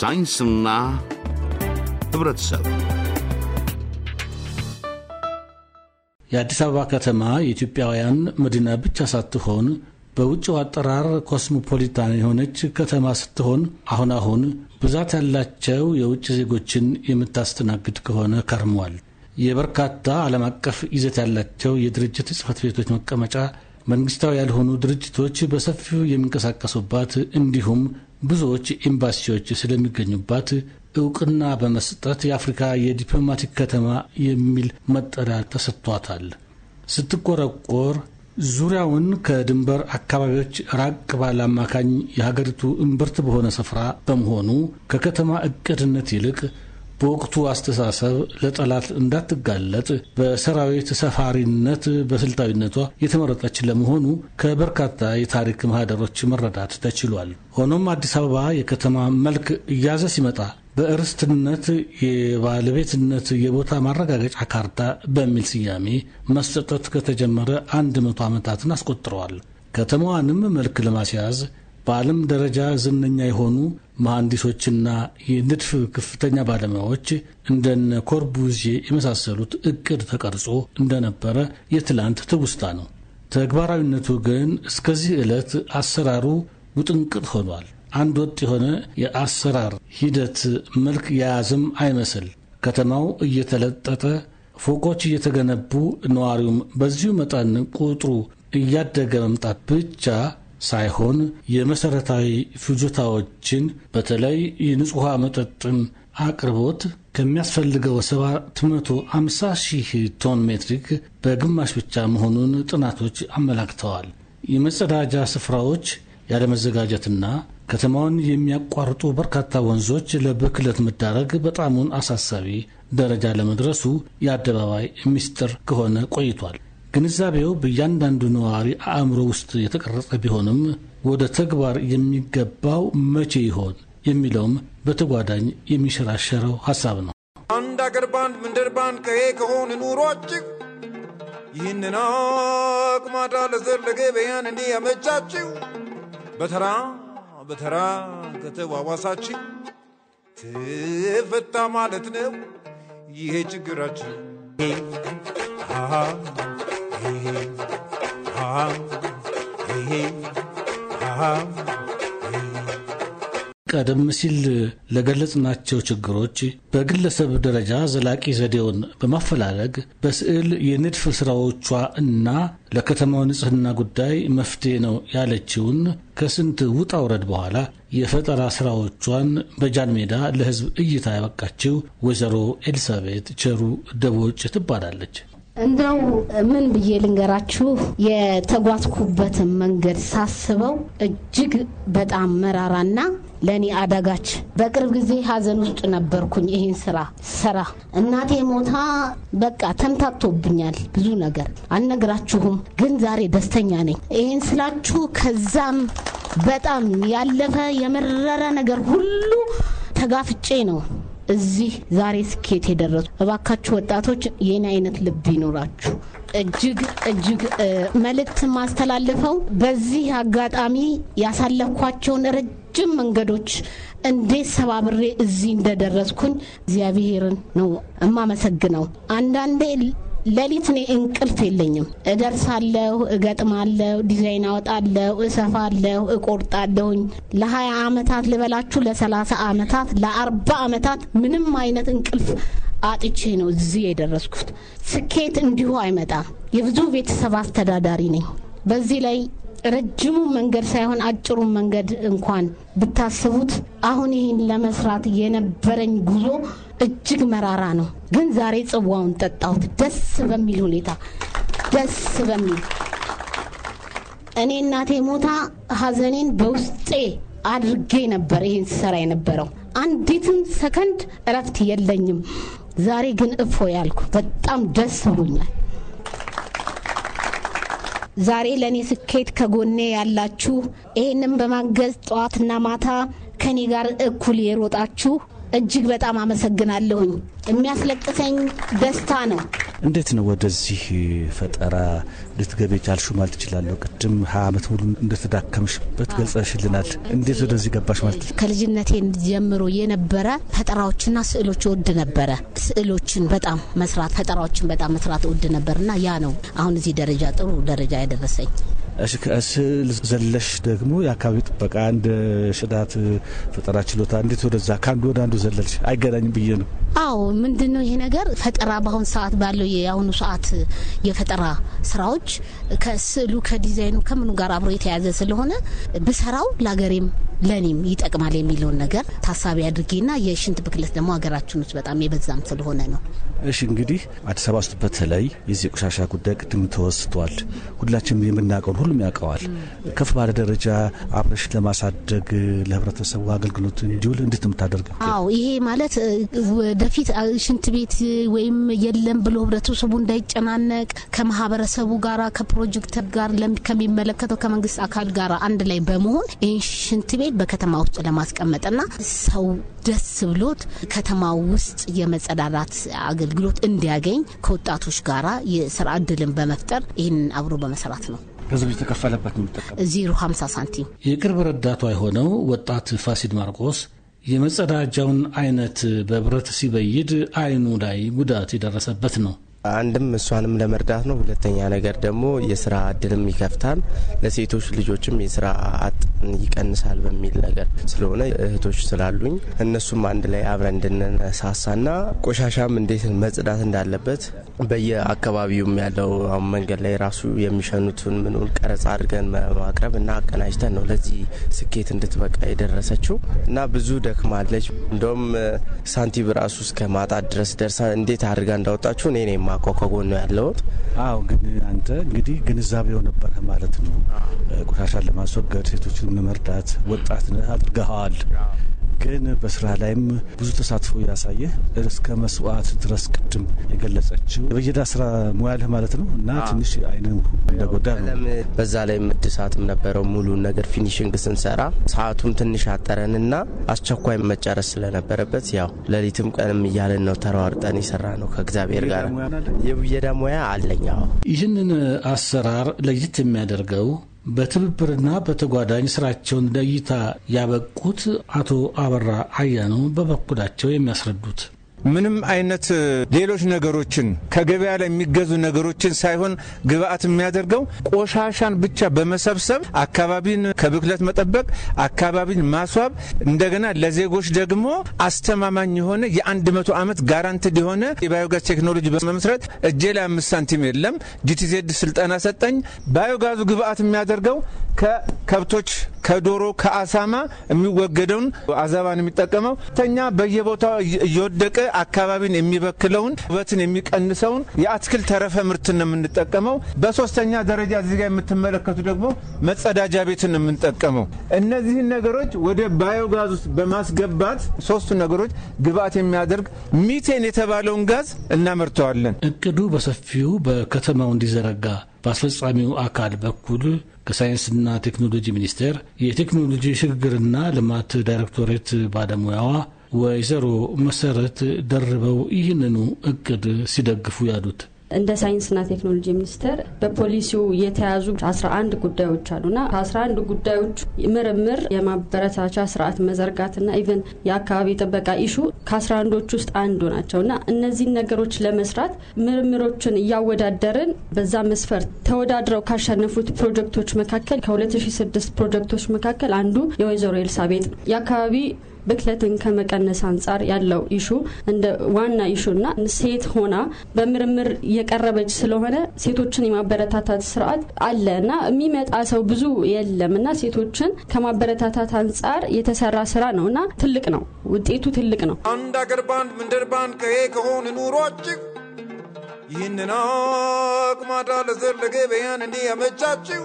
ሳይንስና ህብረተሰብ የአዲስ አበባ ከተማ የኢትዮጵያውያን መዲና ብቻ ሳትሆን በውጭው አጠራር ኮስሞፖሊታን የሆነች ከተማ ስትሆን አሁን አሁን ብዛት ያላቸው የውጭ ዜጎችን የምታስተናግድ ከሆነ ከርሟል። የበርካታ ዓለም አቀፍ ይዘት ያላቸው የድርጅት ጽህፈት ቤቶች መቀመጫ መንግስታዊ ያልሆኑ ድርጅቶች በሰፊው የሚንቀሳቀሱባት እንዲሁም ብዙዎች ኤምባሲዎች ስለሚገኙባት እውቅና በመስጠት የአፍሪካ የዲፕሎማቲክ ከተማ የሚል መጠሪያ ተሰጥቷታል። ስትቆረቆር ዙሪያውን ከድንበር አካባቢዎች ራቅ ባለ አማካኝ የሀገሪቱ እምብርት በሆነ ስፍራ በመሆኑ ከከተማ እቅድነት ይልቅ በወቅቱ አስተሳሰብ ለጠላት እንዳትጋለጥ በሰራዊት ሰፋሪነት በስልታዊነቷ የተመረጠች ለመሆኑ ከበርካታ የታሪክ ማህደሮች መረዳት ተችሏል። ሆኖም አዲስ አበባ የከተማ መልክ እያዘ ሲመጣ በእርስትነት የባለቤትነት የቦታ ማረጋገጫ ካርታ በሚል ስያሜ መሰጠት ከተጀመረ አንድ መቶ ዓመታትን አስቆጥረዋል። ከተማዋንም መልክ ለማስያዝ በዓለም ደረጃ ዝነኛ የሆኑ መሐንዲሶችና የንድፍ ከፍተኛ ባለሙያዎች እንደነ ኮርቡዜ የመሳሰሉት እቅድ ተቀርጾ እንደነበረ የትላንት ትውስታ ነው። ተግባራዊነቱ ግን እስከዚህ ዕለት አሰራሩ ውጥንቅጥ ሆኗል። አንድ ወጥ የሆነ የአሰራር ሂደት መልክ የያዝም አይመስል ከተማው እየተለጠጠ ፎቆች እየተገነቡ ነዋሪውም በዚሁ መጠን ቁጥሩ እያደገ መምጣት ብቻ ሳይሆን የመሠረታዊ ፍጆታዎችን በተለይ የንጹሕ መጠጥን አቅርቦት ከሚያስፈልገው 750 ሺህ ቶን ሜትሪክ በግማሽ ብቻ መሆኑን ጥናቶች አመላክተዋል። የመጸዳጃ ስፍራዎች ያለመዘጋጀትና ከተማውን የሚያቋርጡ በርካታ ወንዞች ለብክለት መዳረግ በጣሙን አሳሳቢ ደረጃ ለመድረሱ የአደባባይ ምስጢር ከሆነ ቆይቷል። ግንዛቤው በእያንዳንዱ ነዋሪ አእምሮ ውስጥ የተቀረጸ ቢሆንም ወደ ተግባር የሚገባው መቼ ይሆን የሚለውም በተጓዳኝ የሚሸራሸረው ሐሳብ ነው። አንድ አገር ባንድ ምንድር ባንድ ቀዬ ከሆን ኑሮ ይህንን አቁማዳ ለዘለገ በያን እንዲ ያመቻችው በተራ በተራ ከተዋዋሳችን ትፈታ ማለት ነው ይሄ ችግራችን። ቀደም ሲል ለገለጽናቸው ችግሮች በግለሰብ ደረጃ ዘላቂ ዘዴውን በማፈላለግ በስዕል የንድፍ ስራዎቿ እና ለከተማው ንጽህና ጉዳይ መፍትሄ ነው ያለችውን ከስንት ውጣ ውረድ በኋላ የፈጠራ ስራዎቿን በጃን ሜዳ ለሕዝብ እይታ ያበቃችው ወይዘሮ ኤልሳቤት ቸሩ ደቦጭ ትባላለች። እንደው ምን ብዬ ልንገራችሁ የተጓዝኩበትን መንገድ ሳስበው እጅግ በጣም መራራና ለእኔ አዳጋች። በቅርብ ጊዜ ሀዘን ውስጥ ነበርኩኝ። ይህን ስራ ስራ እናቴ ሞታ በቃ ተምታቶብኛል ብዙ ነገር አልነግራችሁም፣ ግን ዛሬ ደስተኛ ነኝ። ይህን ስላችሁ ከዛም በጣም ያለፈ የመረረ ነገር ሁሉ ተጋፍጬ ነው እዚህ ዛሬ ስኬት የደረሱ እባካችሁ ወጣቶች የኔ አይነት ልብ ይኖራችሁ። እጅግ እጅግ መልእክት ማስተላልፈው በዚህ አጋጣሚ ያሳለፍኳቸውን ረጅም መንገዶች እንዴት ሰባብሬ እዚህ እንደደረስኩኝ እግዚአብሔርን ነው እማመሰግነው። አንዳንዴ ሌሊት እኔ እንቅልፍ የለኝም። እደርሳለሁ፣ እገጥማለሁ፣ ዲዛይን አወጣለሁ፣ እሰፋለሁ፣ እቆርጣለሁኝ ለሀያ አመታት ልበላችሁ ለሰላሳ አመታት ለአርባ አመታት ምንም አይነት እንቅልፍ አጥቼ ነው እዚህ የደረስኩት። ስኬት እንዲሁ አይመጣም። የብዙ ቤተሰብ አስተዳዳሪ ነኝ። በዚህ ላይ ረጅሙን መንገድ ሳይሆን አጭሩን መንገድ እንኳን ብታስቡት አሁን ይህን ለመስራት የነበረኝ ጉዞ እጅግ መራራ ነው። ግን ዛሬ ጽዋውን ጠጣሁት ደስ በሚል ሁኔታ ደስ በሚል እኔ እናቴ ሞታ ሀዘኔን በውስጤ አድርጌ ነበር ይህን ስሰራ የነበረው። አንዲትም ሰከንድ እረፍት የለኝም። ዛሬ ግን እፎ ያልኩ በጣም ደስ ብሎኛል። ዛሬ ለእኔ ስኬት ከጎኔ ያላችሁ፣ ይህንም በማገዝ ጠዋትና ማታ ከኔ ጋር እኩል የሮጣችሁ እጅግ በጣም አመሰግናለሁኝ። የሚያስለቅሰኝ ደስታ ነው። እንዴት ነው ወደዚህ ፈጠራ ልትገቢ ቻልሹ ማለት ይችላለሁ። ቅድም ሀያ ዓመት ሙሉ እንደተዳከምሽበት ገልጸሽልናል። እንዴት ወደዚህ ገባሽ ማለት ከልጅነቴ ጀምሮ የነበረ ፈጠራዎችና ስዕሎች እወድ ነበረ። ስዕሎችን በጣም መስራት፣ ፈጠራዎችን በጣም መስራት እወድ ነበርና ያ ነው አሁን እዚህ ደረጃ ጥሩ ደረጃ ያደረሰኝ። እሺ ከስዕል ዘለሽ ደግሞ የአካባቢ ጥበቃ እንደ ሽዳት ፈጠራ ችሎታ እንዴት ወደዛ ከአንዱ ወደ አንዱ ዘለልሽ? አይገናኝም ብዬ ነው አዎ ምንድን ነው ይሄ ነገር ፈጠራ በአሁን ሰዓት ባለው የአሁኑ ሰዓት የፈጠራ ስራዎች ከስዕሉ ከዲዛይኑ ከምኑ ጋር አብሮ የተያዘ ስለሆነ ብሰራው ለሀገሬም ለእኔም ይጠቅማል የሚለውን ነገር ታሳቢ አድርጌና የሽንት ብክለት ደግሞ ሀገራችን ውስጥ በጣም የበዛም ስለሆነ ነው። እሺ እንግዲህ አዲስ አበባ ውስጥ በተለይ የዚህ የቆሻሻ ጉዳይ ቅድም ተወስቷል። ሁላችንም የምናውቀውን ሁሉም ያውቀዋል። ከፍ ባለ ደረጃ አብረሽ ለማሳደግ ለህብረተሰቡ አገልግሎት እንዲውል እንዴት ነው የምታደርገው? አዎ ይሄ ማለት ወደፊት ሽንት ቤት ወይም የለም ብሎ ህብረተሰቡ እንዳይጨናነቅ ከማህበረሰቡ ጋር ከፕሮጀክተር ጋር ከሚመለከተው ከመንግስት አካል ጋር አንድ ላይ በመሆን ይህ ሽንት ቤት ሆቴል በከተማ ውስጥ ለማስቀመጥና ሰው ደስ ብሎት ከተማ ውስጥ የመጸዳዳት አገልግሎት እንዲያገኝ ከወጣቶች ጋራ የስራ እድልን በመፍጠር ይህንን አብሮ በመስራት ነው። ህዝብ የተከፈለበት የሚጠቀም ዜሮ 50 ሳንቲም የቅርብ ረዳቷ የሆነው ወጣት ፋሲድ ማርቆስ የመጸዳጃውን አይነት በብረት ሲበይድ አይኑ ላይ ጉዳት የደረሰበት ነው። አንድም እሷንም ለመርዳት ነው። ሁለተኛ ነገር ደግሞ የስራ እድልም ይከፍታል። ለሴቶች ልጆችም የስራ አጥ ይቀንሳል በሚል ነገር ስለሆነ እህቶች ስላሉኝ እነሱም አንድ ላይ አብረን እንድንሳሳና ቆሻሻም እንዴት መጽዳት እንዳለበት በየአካባቢውም ያለው አሁን መንገድ ላይ ራሱ የሚሸኑትን ምኑን ቀረጻ አድርገን ማቅረብ እና አቀናጅተን ነው ለዚህ ስኬት እንድትበቃ የደረሰችው እና ብዙ ደክማለች። እንደውም ሳንቲም ራሱ እስከ ማጣት ድረስ ደርሳ እንዴት አድርጋ እንዳወጣችሁ እኔ ነኝ የማውቀው ከጎን ያለውት። አዎ፣ ግን አንተ እንግዲህ ግንዛቤው ነበረ ማለት ነው። ቆሻሻን ለማስወገድ ሴቶችን ሌሎቹን ለመርዳት ወጣት አድርገኸዋል። ግን በስራ ላይም ብዙ ተሳትፎ እያሳየ እስከ መስዋዕት ድረስ ቅድም የገለጸችው የበየዳ ስራ ሙያልህ ማለት ነው እና ትንሽ አይነ እንደጎዳ ነው። በዛ ላይም እድሳትም ነበረው። ሙሉ ነገር ፊኒሽንግ ስንሰራ ሰዓቱም ትንሽ አጠረንና አስቸኳይ መጨረስ ስለነበረበት ያው ሌሊትም ቀንም እያለን ነው ተሯርጠን የሰራ ነው። ከእግዚአብሔር ጋር የብየዳ ሙያ አለኝ። ይህንን አሰራር ለየት የሚያደርገው በትብብርና በተጓዳኝ ስራቸውን ለእይታ ያበቁት አቶ አበራ አያነው በበኩላቸው የሚያስረዱት ምንም አይነት ሌሎች ነገሮችን ከገበያ ላይ የሚገዙ ነገሮችን ሳይሆን ግብአት የሚያደርገው ቆሻሻን ብቻ በመሰብሰብ አካባቢን ከብክለት መጠበቅ፣ አካባቢን ማስዋብ እንደገና ለዜጎች ደግሞ አስተማማኝ የሆነ የአንድ መቶ ዓመት ጋራንትድ የሆነ የባዮጋዝ ቴክኖሎጂ በመመስረት እጄ ላይ አምስት ሳንቲም የለም። ጂቲዜድ ስልጠና ሰጠኝ። ባዮጋዙ ግብአት የሚያደርገው ከከብቶች ከዶሮ ከአሳማ የሚወገደውን አዛባን የሚጠቀመው ተኛ በየቦታው እየወደቀ አካባቢን የሚበክለውን ውበትን የሚቀንሰውን የአትክልት ተረፈ ምርትን ነው የምንጠቀመው። በሶስተኛ ደረጃ እዚህ ጋር የምትመለከቱ ደግሞ መጸዳጃ ቤትን ነው የምንጠቀመው። እነዚህን ነገሮች ወደ ባዮጋዝ ውስጥ በማስገባት ሶስቱ ነገሮች ግብአት የሚያደርግ ሚቴን የተባለውን ጋዝ እናመርተዋለን። እቅዱ በሰፊው በከተማው እንዲዘረጋ በአስፈጻሚው አካል በኩል ከሳይንስና ቴክኖሎጂ ሚኒስቴር የቴክኖሎጂ ሽግግርና ልማት ዳይሬክቶሬት ባለሙያዋ ወይዘሮ መሰረት ደርበው ይህንኑ እቅድ ሲደግፉ ያሉት እንደ ሳይንስና ቴክኖሎጂ ሚኒስቴር በፖሊሲው የተያዙ አስራ አንድ ጉዳዮች አሉና ከአስራ አንድ ጉዳዮች ምርምር የማበረታቻ ስርዓት መዘርጋትና ኢቨን የአካባቢ ጥበቃ ኢሹ ከ11ዶች ውስጥ አንዱ ናቸውና እነዚህን ነገሮች ለመስራት ምርምሮችን እያወዳደርን በዛ መስፈርት ተወዳድረው ካሸነፉት ፕሮጀክቶች መካከል ከ2006 ፕሮጀክቶች መካከል አንዱ የወይዘሮ ኤልሳቤጥ ነው። የአካባቢ ብክለትን ከመቀነስ አንጻር ያለው ኢሹ እንደ ዋና ኢሹና ሴት ሆና በምርምር የቀረበች ስለሆነ ሴቶችን የማበረታታት ስርዓት አለ እና የሚመጣ ሰው ብዙ የለም እና ሴቶችን ከማበረታታት አንጻር የተሰራ ስራ ነው እና ትልቅ ነው ውጤቱ ትልቅ ነው። አንድ አገር ባንድ ምንድር ባንድ ከሄ ከሆን ኑሯችሁ ይህንን አቅማዳ ለዘር ለገበያን እንዲህ ያመቻችው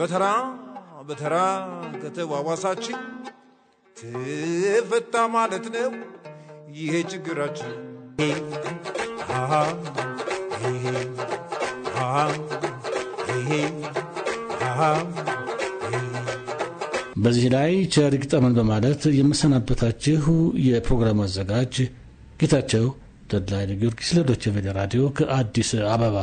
በተራ በተራ ከተዋዋሳችሁ ትፈታ ማለት ነው ይሄ ችግራችን። በዚህ ላይ ቸር ይግጠመን በማለት የምሰናበታችሁ የፕሮግራሙ አዘጋጅ ጌታቸው ተድላ ጊዮርጊስ ለዶይቼ ቬለ ራዲዮ ከአዲስ አበባ